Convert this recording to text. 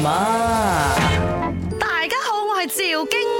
嘛，大家好，我係趙京。